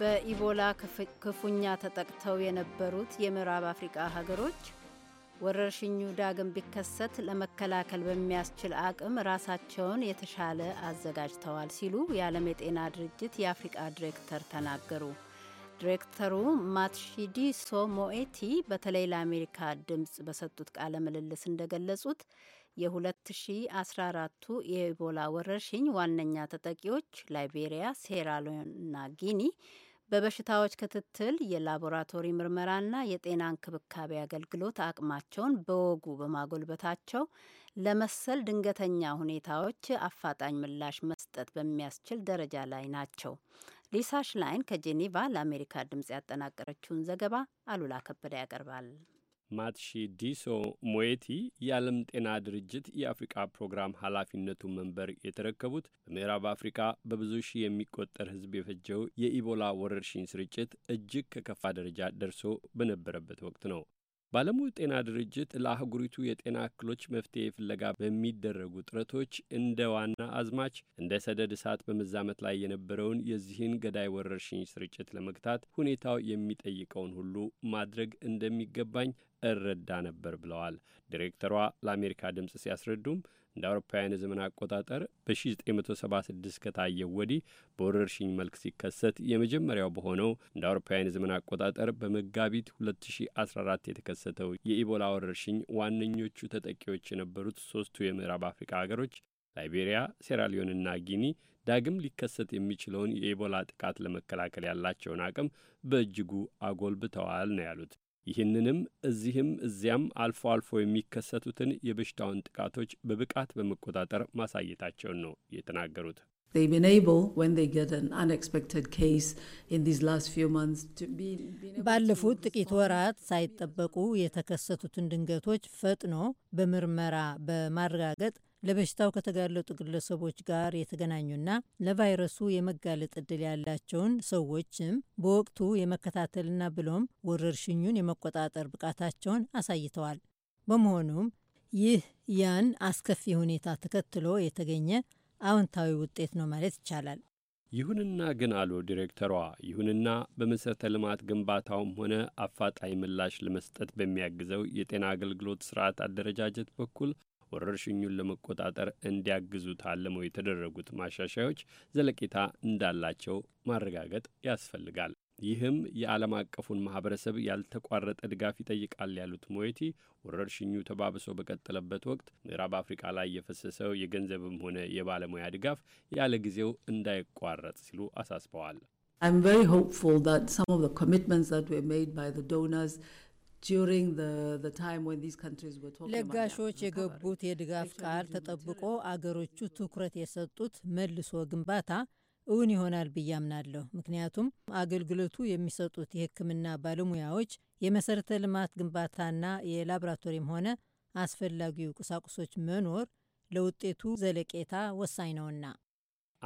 በኢቦላ ክፉኛ ተጠቅተው የነበሩት የምዕራብ አፍሪቃ ሀገሮች ወረርሽኙ ዳግም ቢከሰት ለመከላከል በሚያስችል አቅም ራሳቸውን የተሻለ አዘጋጅተዋል ሲሉ የዓለም የጤና ድርጅት የአፍሪቃ ዲሬክተር ተናገሩ። ዲሬክተሩ ማትሺዲሶ ሞኤቲ በተለይ ለአሜሪካ ድምፅ በሰጡት ቃለ ምልልስ እንደገለጹት የ2014ቱ የኢቦላ ወረርሽኝ ዋነኛ ተጠቂዎች ላይቤሪያ፣ ሴራሊዮንና ጊኒ በበሽታዎች ክትትል የላቦራቶሪ ምርመራና የጤና እንክብካቤ አገልግሎት አቅማቸውን በወጉ በማጎልበታቸው ለመሰል ድንገተኛ ሁኔታዎች አፋጣኝ ምላሽ መስጠት በሚያስችል ደረጃ ላይ ናቸው። ሊሳ ሽላይን ከጄኔቫ ለአሜሪካ ድምጽ ያጠናቀረችውን ዘገባ አሉላ ከበደ ያቀርባል። ዲሶ ሞቲ የዓለም ጤና ድርጅት የአፍሪቃ ፕሮግራም ኃላፊነቱን መንበር የተረከቡት በምዕራብ አፍሪካ በብዙ ሺህ የሚቆጠር ሕዝብ የፈጀው የኢቦላ ወረርሽኝ ስርጭት እጅግ ከከፋ ደረጃ ደርሶ በነበረበት ወቅት ነው። በዓለሙ ጤና ድርጅት ለአህጉሪቱ የጤና እክሎች መፍትሄ ፍለጋ በሚደረጉ ጥረቶች እንደ ዋና አዝማች እንደ ሰደድ እሳት በመዛመት ላይ የነበረውን የዚህን ገዳይ ወረርሽኝ ስርጭት ለመግታት ሁኔታው የሚጠይቀውን ሁሉ ማድረግ እንደሚገባኝ እረዳ ነበር ብለዋል ዲሬክተሯ ለአሜሪካ ድምፅ ሲያስረዱም እንደ አውሮፓውያን የዘመን አቆጣጠር በ1976 ከታየው ወዲህ በወረርሽኝ መልክ ሲከሰት የመጀመሪያው በሆነው እንደ አውሮፓውያን የዘመን አቆጣጠር በመጋቢት 2014 የተከሰተው የኢቦላ ወረርሽኝ ዋነኞቹ ተጠቂዎች የነበሩት ሶስቱ የምዕራብ አፍሪካ ሀገሮች ላይቤሪያ፣ ሴራሊዮንና ጊኒ ዳግም ሊከሰት የሚችለውን የኢቦላ ጥቃት ለመከላከል ያላቸውን አቅም በእጅጉ አጎልብተዋል ነው ያሉት ይህንንም እዚህም እዚያም አልፎ አልፎ የሚከሰቱትን የበሽታውን ጥቃቶች በብቃት በመቆጣጠር ማሳየታቸውን ነው የተናገሩት። ባለፉት ጥቂት ወራት ሳይጠበቁ የተከሰቱትን ድንገቶች ፈጥኖ በምርመራ በማረጋገጥ ለበሽታው ከተጋለጡ ግለሰቦች ጋር የተገናኙና ለቫይረሱ የመጋለጥ እድል ያላቸውን ሰዎችም በወቅቱ የመከታተልና ብሎም ወረርሽኙን የመቆጣጠር ብቃታቸውን አሳይተዋል። በመሆኑም ይህ ያን አስከፊ ሁኔታ ተከትሎ የተገኘ አዎንታዊ ውጤት ነው ማለት ይቻላል። ይሁንና ግን አሉ ዲሬክተሯ፣ ይሁንና በመሠረተ ልማት ግንባታውም ሆነ አፋጣኝ ምላሽ ለመስጠት በሚያግዘው የጤና አገልግሎት ስርዓት አደረጃጀት በኩል ወረርሽኙን ለመቆጣጠር እንዲያግዙ ታልመው የተደረጉት ማሻሻዮች ዘለቄታ እንዳላቸው ማረጋገጥ ያስፈልጋል። ይህም የዓለም አቀፉን ማህበረሰብ ያልተቋረጠ ድጋፍ ይጠይቃል ያሉት ሞየቲ ወረርሽኙ ተባብሶ በቀጠለበት ወቅት ምዕራብ አፍሪቃ ላይ የፈሰሰው የገንዘብም ሆነ የባለሙያ ድጋፍ ያለ ጊዜው እንዳይቋረጥ ሲሉ አሳስበዋል። ለጋሾች የገቡት የድጋፍ ቃል ተጠብቆ አገሮቹ ትኩረት የሰጡት መልሶ ግንባታ እውን ይሆናል ብዬ አምናለሁ። ምክንያቱም አገልግሎቱ የሚሰጡት የሕክምና ባለሙያዎች የመሰረተ ልማት ግንባታና የላብራቶሪም ሆነ አስፈላጊው ቁሳቁሶች መኖር ለውጤቱ ዘለቄታ ወሳኝ ነውና።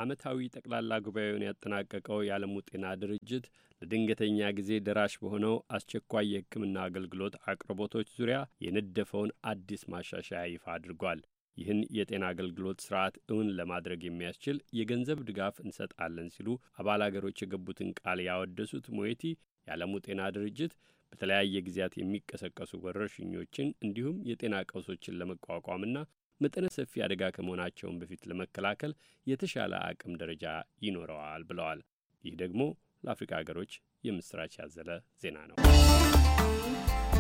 ዓመታዊ ጠቅላላ ጉባኤውን ያጠናቀቀው የዓለሙ ጤና ድርጅት ለድንገተኛ ጊዜ ደራሽ በሆነው አስቸኳይ የሕክምና አገልግሎት አቅርቦቶች ዙሪያ የነደፈውን አዲስ ማሻሻያ ይፋ አድርጓል። ይህን የጤና አገልግሎት ስርዓት እውን ለማድረግ የሚያስችል የገንዘብ ድጋፍ እንሰጣለን ሲሉ አባል አገሮች የገቡትን ቃል ያወደሱት ሞየቲ የዓለሙ ጤና ድርጅት በተለያየ ጊዜያት የሚቀሰቀሱ ወረርሽኞችን እንዲሁም የጤና ቀውሶችን ለመቋቋምና መጠነ ሰፊ አደጋ ከመሆናቸውን በፊት ለመከላከል የተሻለ አቅም ደረጃ ይኖረዋል ብለዋል። ይህ ደግሞ ለአፍሪካ ሀገሮች የምስራች ያዘለ ዜና ነው።